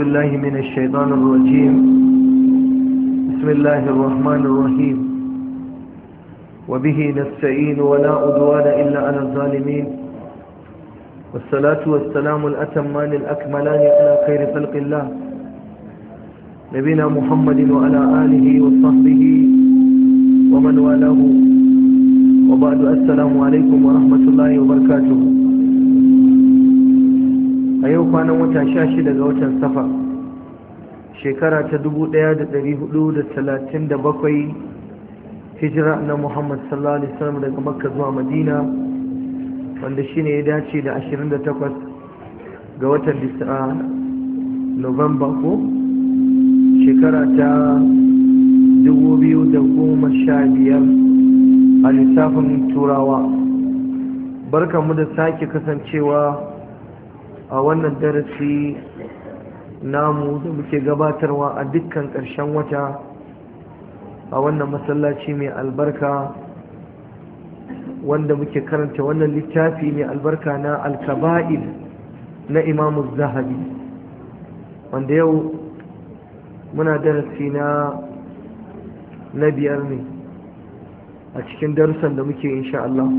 الله من الشيطان الرجيم بسم الله الرحمن الرحيم وبه نستعين ولا عدوان إلا على الظالمين والصلاة والسلام الأتمان الأكملان على خير خلق الله نبينا محمد وعلى آله وصحبه ومن والاه وبعد السلام عليكم ورحمة الله وبركاته kwanan wata sha shi ga watan safa shekara ta 1437 hijira na muhammad sallallahu alaihi wasallam daga makka zuwa madina wanda shi ne ya dace da 28 ga watan dis'a ah, novemba ko shekara ta 2015 a lissafin turawa barkanmu da sake kasancewa a wannan darasi namu da muke gabatarwa a dukkan ƙarshen wata a wannan masallaci mai albarka wanda muke karanta wannan littafi mai albarka na Alkaba'il na imamu zahabi wanda yau muna darasi na na biyar ne a cikin darussan da muke insha Allah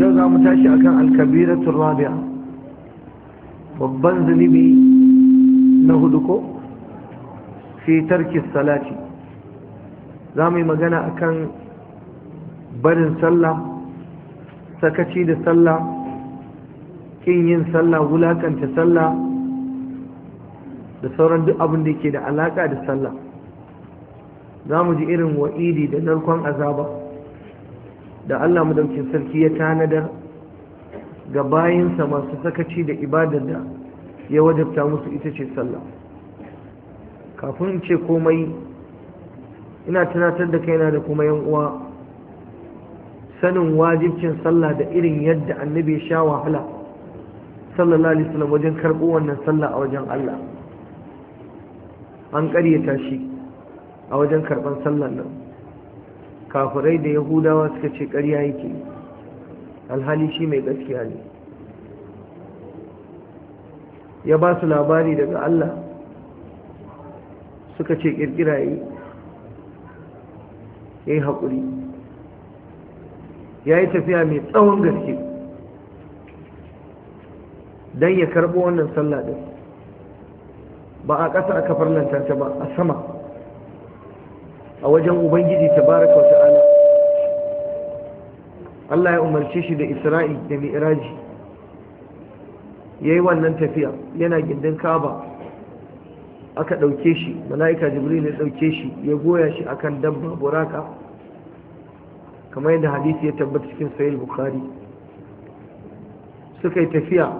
yau za mu tashi akan alkabiratul rabi'a babban zunubi na hudu ko fi tarki salati za mu yi magana akan barin sallah sakaci da sallah kin yin sallah wulakanta sallah da sauran duk abin da ke da alaka da sallah za mu ji irin wa'idi da narkon azaba da allah madaukin sarki ya tanadar ga bayansa masu sakaci da ibadar da ya wajabta musu ita ce sallah kafin ce komai ina tunatar da kaina da kuma yan uwa sanin wajibcin sallah da irin yadda annabi ya sha wahala sallallahu alaihi wasallam wajen karɓo wannan sallah a wajen Allah an ƙaryata shi a wajen karɓar sallar nan kafirai da yahudawa suka ce ƙarya yake alhali shi mai gaskiya ne ya ba su labari daga Allah suka ce kirkira yi ya yi haƙuri ya yi tafiya mai tsawon gaske don ya karɓo wannan sallah ɗin ba a ƙasa aka kafar ta ba a sama a wajen ubangiji ta baraka wata'ala Allah ya umarce shi da Isra'i da Mi'raji yayi wannan tafiya yana gindin kaba. aka ɗauke shi malaika Jibril ya ɗauke shi ya goya shi akan dabba buraka kamar yadda hadisi ya tabbata cikin Sahih Bukhari suka yi tafiya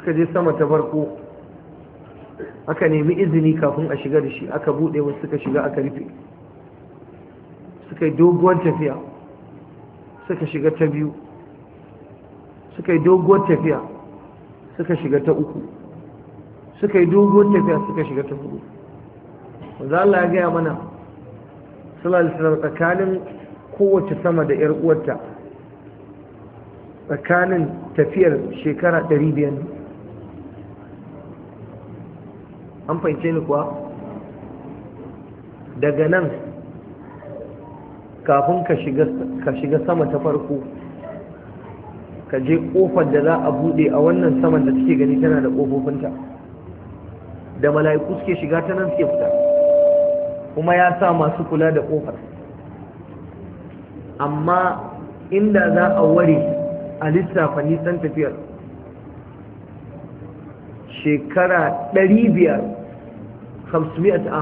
suka je sama ta farko aka nemi izini kafin a shiga da shi aka bude wasu suka shiga aka rufe suka yi doguwar tafiya suka shiga ta biyu suka yi doguwar tafiya suka shiga ta uku suka yi doguwar tafiya suka shiga ta hudu wanda Allah ya gaya mana sallallahu alaihi tsakanin kowace sama da yar uwarta tsakanin tafiyar shekara 500 an fahimce ni kuwa daga nan kafin ka shiga sama ta farko ka je kofar da za a bude a wannan saman da suke gani tana da kofofinta da mala'iku suke shiga ta nan suke fita kuma ya sa masu kula da kofar amma inda za a ware a lissafa nisan tafiyar shekara 500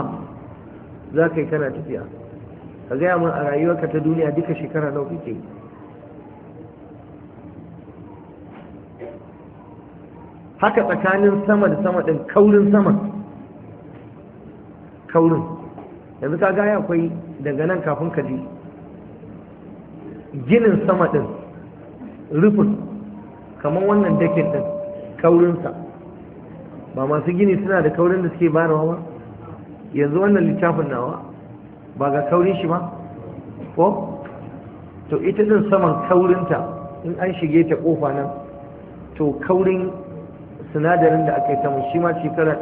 am za ka yi kana tafiya ka gaya min a rayuwarka ta duniya duka shekara nawa kuke haka tsakanin sama da sama din kaurin sama kaurin yanzu ka gaya akwai daga nan kafin ka ji ginin sama din rufin kamar wannan dakin ɗin kaurinsa ba masu gini suna da kaurin da suke barawa ba yanzu wannan littafin nawa ba ga kaurin shi ba ko to ita din saman kaurinta in an shige ta kofa nan to kaurin sinadarin da aka yi samun shi ma shekara